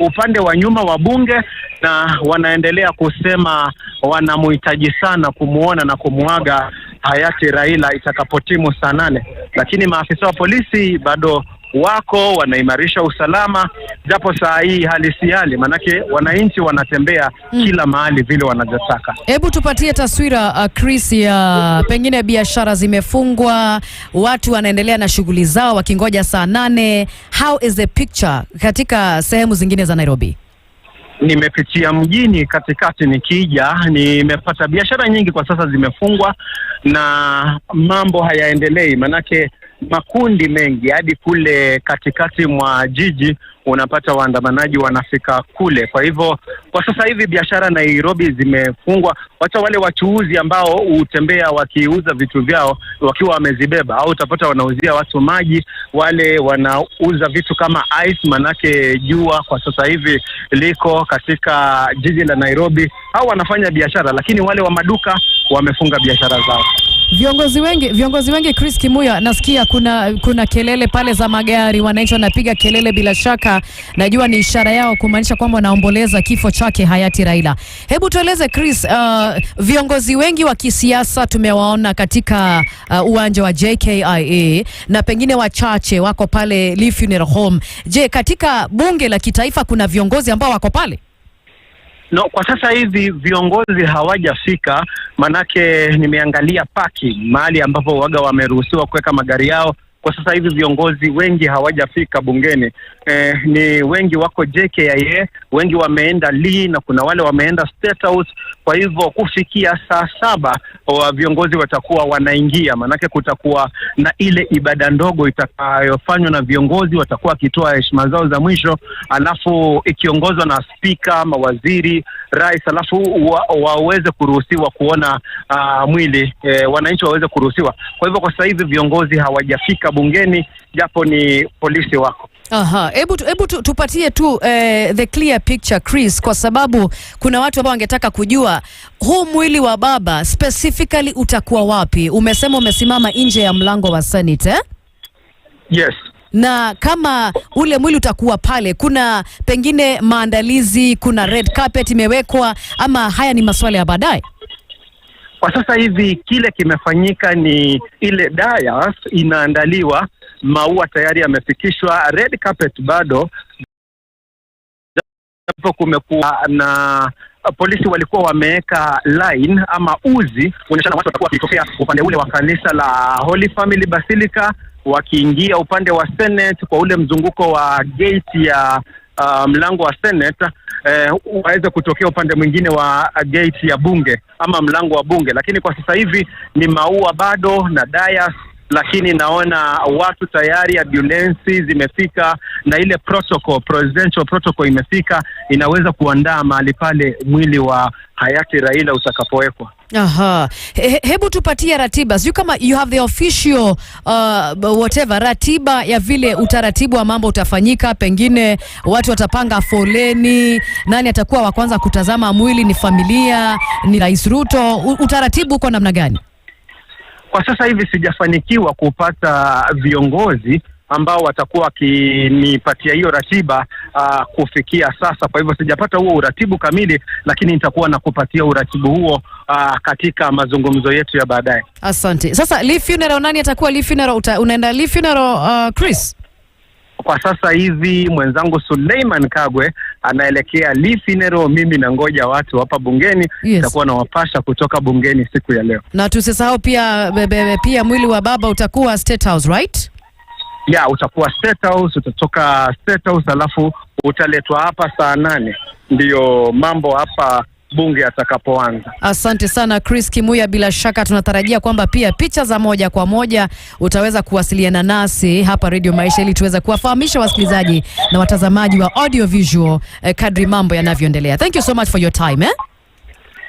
upande wa nyuma wa bunge, na wanaendelea kusema wanamhitaji sana kumwona na kumwaga hayati Raila itakapotimu saa nane, lakini maafisa wa polisi bado wako wanaimarisha usalama, japo saa hii hali si hali, maanake wananchi wanatembea mm. kila mahali vile wanavyotaka. Hebu tupatie taswira uh, Chris, ya pengine biashara zimefungwa, watu wanaendelea na shughuli zao wakingoja saa nane. How is the picture katika sehemu zingine za Nairobi? Nimepitia mjini katikati nikija, nimepata biashara nyingi kwa sasa zimefungwa na mambo hayaendelei, manake makundi mengi hadi kule katikati mwa jiji unapata waandamanaji wanafika kule. Kwa hivyo kwa sasa hivi biashara Nairobi zimefungwa, wacha wale wachuuzi ambao hutembea wakiuza vitu vyao wakiwa wamezibeba, au utapata wanauzia watu maji, wale wanauza vitu kama ice, manake jua kwa sasa hivi liko katika jiji la Nairobi, au wanafanya biashara, lakini wale wa maduka wamefunga biashara zao. Viongozi wengi viongozi wengi, Chris Kimuya, nasikia kuna kuna kelele pale za magari, wananchi wanapiga kelele, bila shaka najua ni ishara yao kumaanisha kwamba wanaomboleza kifo chake hayati Raila. Hebu tueleze Chris, uh, viongozi wengi wa kisiasa tumewaona katika uh, uwanja wa JKIA na pengine wachache wako pale Lee Funeral Home. Je, katika bunge la kitaifa kuna viongozi ambao wako pale? No, kwa sasa hivi viongozi hawajafika, manake nimeangalia paki mahali ambapo waga wameruhusiwa kuweka magari yao. Kwa sasa hivi viongozi wengi hawajafika bungeni. Eh, ni wengi wako JKIA, wengi wameenda Lee na kuna wale wameenda State House, kwa hivyo kufikia saa saba wa viongozi watakuwa wanaingia, maanake kutakuwa na ile ibada ndogo itakayofanywa na viongozi, watakuwa wakitoa heshima zao za mwisho, alafu ikiongozwa na spika, mawaziri, rais, alafu wa, waweze kuruhusiwa kuona uh, mwili e, wananchi waweze kuruhusiwa. Kwa hivyo kwa sasa hivi viongozi hawajafika bungeni, japo ni polisi wako Aha, hebu hebu tupatie tu eh, the clear picture Chris, kwa sababu kuna watu ambao wangetaka kujua huu mwili wa baba specifically utakuwa wapi? Umesema umesimama nje ya mlango wa Senate eh? Yes. Na kama ule mwili utakuwa pale, kuna pengine maandalizi, kuna red carpet imewekwa ama haya ni masuala ya baadaye? Kwa sasa hivi kile kimefanyika ni ile dais inaandaliwa maua tayari yamefikishwa red carpet bado, japo kumekuwa na polisi walikuwa wameweka line ama uzi kuonyeshana watu watakuwa wakitokea upande ule wa kanisa la Holy Family Basilica wakiingia upande wa Senate kwa ule mzunguko wa gate ya uh, mlango wa Senate eh, waweze kutokea upande mwingine wa gate ya bunge ama mlango wa bunge, lakini kwa sasa hivi ni maua bado na dayas lakini naona watu tayari, ambulensi zimefika na ile protocol, presidential protocol imefika, inaweza kuandaa mahali pale mwili wa hayati Raila utakapowekwa. Aha. He, hebu tupatie ratiba, sijui kama you have the official uh, whatever ratiba ya vile utaratibu wa mambo utafanyika. Pengine watu watapanga foleni, nani atakuwa wa kwanza kutazama mwili? Ni familia? Ni Rais Ruto? Utaratibu uko namna gani? Kwa sasa hivi sijafanikiwa kupata viongozi ambao watakuwa wakinipatia hiyo ratiba uh, kufikia sasa. Kwa hivyo sijapata huo uratibu kamili, lakini nitakuwa na kupatia uratibu huo uh, katika mazungumzo yetu ya baadaye. Asante. Sasa Funeral, nani atakuwa Funeral? Unaenda Funeral, uh, Chris? Kwa sasa hivi mwenzangu Suleiman Kagwe anaelekea lifinero. Mimi na ngoja watu hapa bungeni nitakuwa yes, nawapasha kutoka bungeni siku ya leo, na tusisahau pia bebe, pia mwili wa baba utakuwa State House, right? ya utakuwa State House, utatoka State House alafu utaletwa hapa saa nane. Ndiyo mambo hapa bunge atakapoanza. Asante sana Chris Kimuya, bila shaka tunatarajia kwamba pia picha za moja kwa moja utaweza kuwasiliana nasi hapa Radio Maisha ili tuweze kuwafahamisha wasikilizaji na watazamaji wa audio visual eh, kadri mambo yanavyoendelea. Thank you so much for your time eh?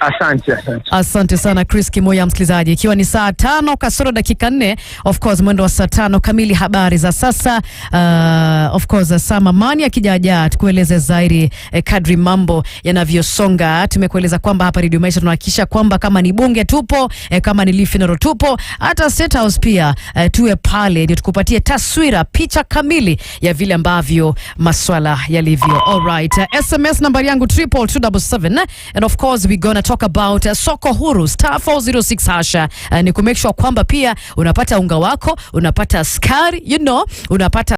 Asante, asante. Asante sana Chris Kimoya, msikilizaji, ikiwa ni saa tano kasoro dakika nne, of course mwendo wa saa tano kamili, habari za sasa. Uh, of course Sama Samamani akijajaa tukueleze zaidi eh, kadri mambo yanavyosonga. Tumekueleza kwamba hapa Radio Maisha tunahakikisha kwamba kama ni bunge tupo, eh, kama ni Leaf tupo, hata State House pia eh, tuwe pale ndio tukupatie taswira, picha kamili ya vile ambavyo maswala yalivyo. All right. SMS eh, nambari yangu 32777 and of course we gonna talk about uh, soko huru star 406 hasha uh, ni kumake sure kwamba pia unapata unga wako, unapata sukari you know, unapata